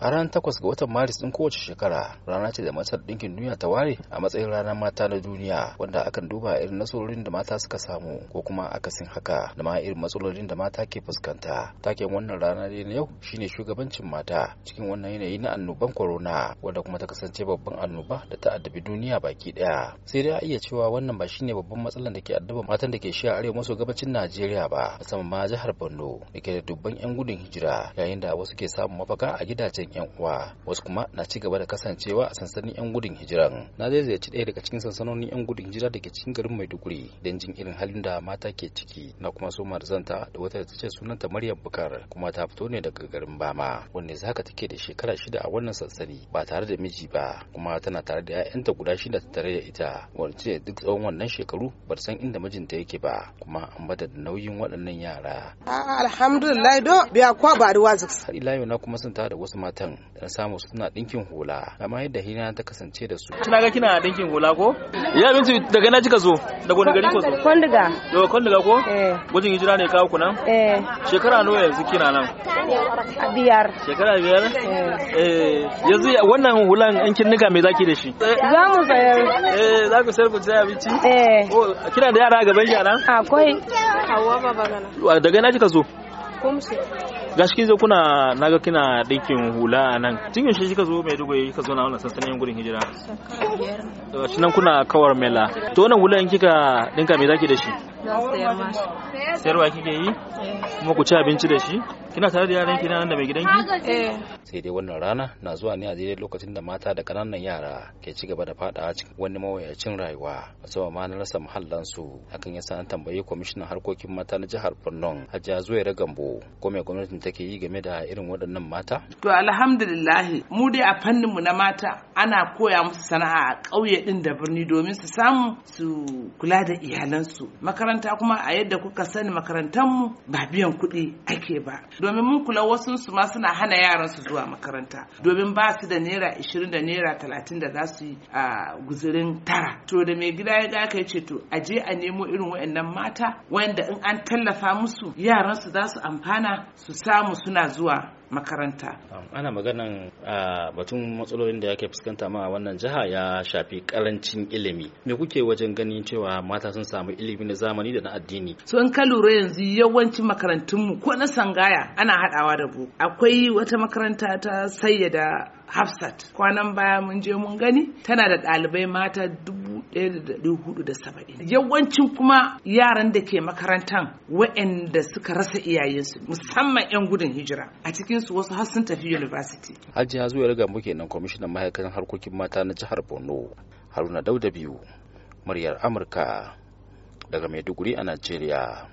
a ranar takwas ga watan maris din kowace shekara rana ce da matsar ɗinkin duniya ta ware a matsayin ranar mata na duniya wanda akan duba irin nasarorin da mata suka samu ko kuma akasin haka da ma irin matsalolin da mata ke fuskanta taken wannan rana ne na yau shine shugabancin mata cikin wannan yanayi na annoban korona, wanda kuma ta kasance babban annoba da ta addabi duniya baki daya sai dai a iya cewa wannan ba shine babban matsalar da ke addaba matan da ke shi a arewa maso gabacin najeriya ba musamman ma jihar borno da ke da dubban yan gudun hijira yayin da wasu ke samun mafaka a gidajen yan uwa wasu kuma na ci gaba da kasancewa a sansanin yan gudun hijiran na zai ziyarci ɗaya daga cikin sansanonin yan gudun hijira da ke cikin garin maiduguri don jin irin halin da mata ke ciki na kuma so marzanta da wata da ta ce sunanta maryam bukar kuma ta fito ne daga garin bama wanda zaka take da shekara shida a wannan sansani ba tare da miji ba kuma tana tare da 'ya'yanta guda shida tare da ita ce duk tsawon wannan shekaru ba san inda mijinta yake ba kuma an bada da nauyin waɗannan yara ah, alhamdulillah do biya kwa ba da har ila yau na kuma sun da wasu mata ma'aikatan da samu suna ɗinkin hula amma yadda hina ta kasance da su. Kina ga kina ɗinkin hula ko? Ya binci daga na kika zo Da wani gari ko zo? Kwandiga. Daga ko? Eh. Gwajin hijira ne kawo ku nan? Eh. Shekara nawa yanzu kina nan? Biyar. Shekara biyar? Eh. eh yanzu wannan hulan an kin nika me zaki da shi? Za mu sayar. Eh za ku sayar ku ci abinci? Eh. Oh, kina da yara a gaban yara? Akwai. Hawa ba bagana. Daga na kika zo? Kumsi. gashi zai kuna naga kina dinkin hula a nan tun yaushe kika zo mai Maiduguri kika zo na wannan sansanin gudun hijira shi nan kuna kawar mela to wannan hula in kika dinka me zaki da shi sayarwa kike yi eh. kuma ku ci abinci da shi kina tare da yaran ki nan da mai gidanki eh. sai dai wannan rana na zuwa ne a daidai lokacin da mata da kananan yara ke ci gaba da fada cikin wani mawayacin rayuwa musamman ma na rasa muhallan su hakan yasa an tambayi kwamishinan harkokin mata na jihar Borno Hajiya Zuwaira Gambo ko mai gwamnatin take yi game da irin waɗannan mata to alhamdulillah mu dai a fannin mu na mata ana koya musu sana'a a ƙauye din da birni domin su samu su kula da iyalansu makaranta kuma a yadda kuka sani makarantar mu ba biyan kuɗi ake ba domin mun kula wasu su ma suna hana yaran su zuwa makaranta domin ba su da naira 20 da naira 30 da za su yi a guzurin tara to da mai gida ya ga kai ce to a je a nemo irin waɗannan mata wanda in an tallafa musu yaran su za su amfana su samu suna zuwa makaranta ana maganan batun matsalolin da yake fuskanta ma wannan jiha ya shafi karancin ilimi me kuke wajen ganin cewa mata sun samu ilimi na zamani da na addini so in ka lura yanzu yawancin makarantunmu ko na sangaya ana haɗawa da bu. akwai wata makaranta ta sayyada hafsat kwanan baya mun je mun gani tana da ɗalibai mata dubu 1,470 yawancin kuma yaran da ke makarantan waɗanda suka rasa iyayensu musamman 'yan gudun hijira a cikinsu wasu har sun tafi university ya zuwa riga muke nan kwamishinan ma'aikatan harkokin mata na jihar borno haruna dauda biyu muryar amurka daga maiduguri a najeriya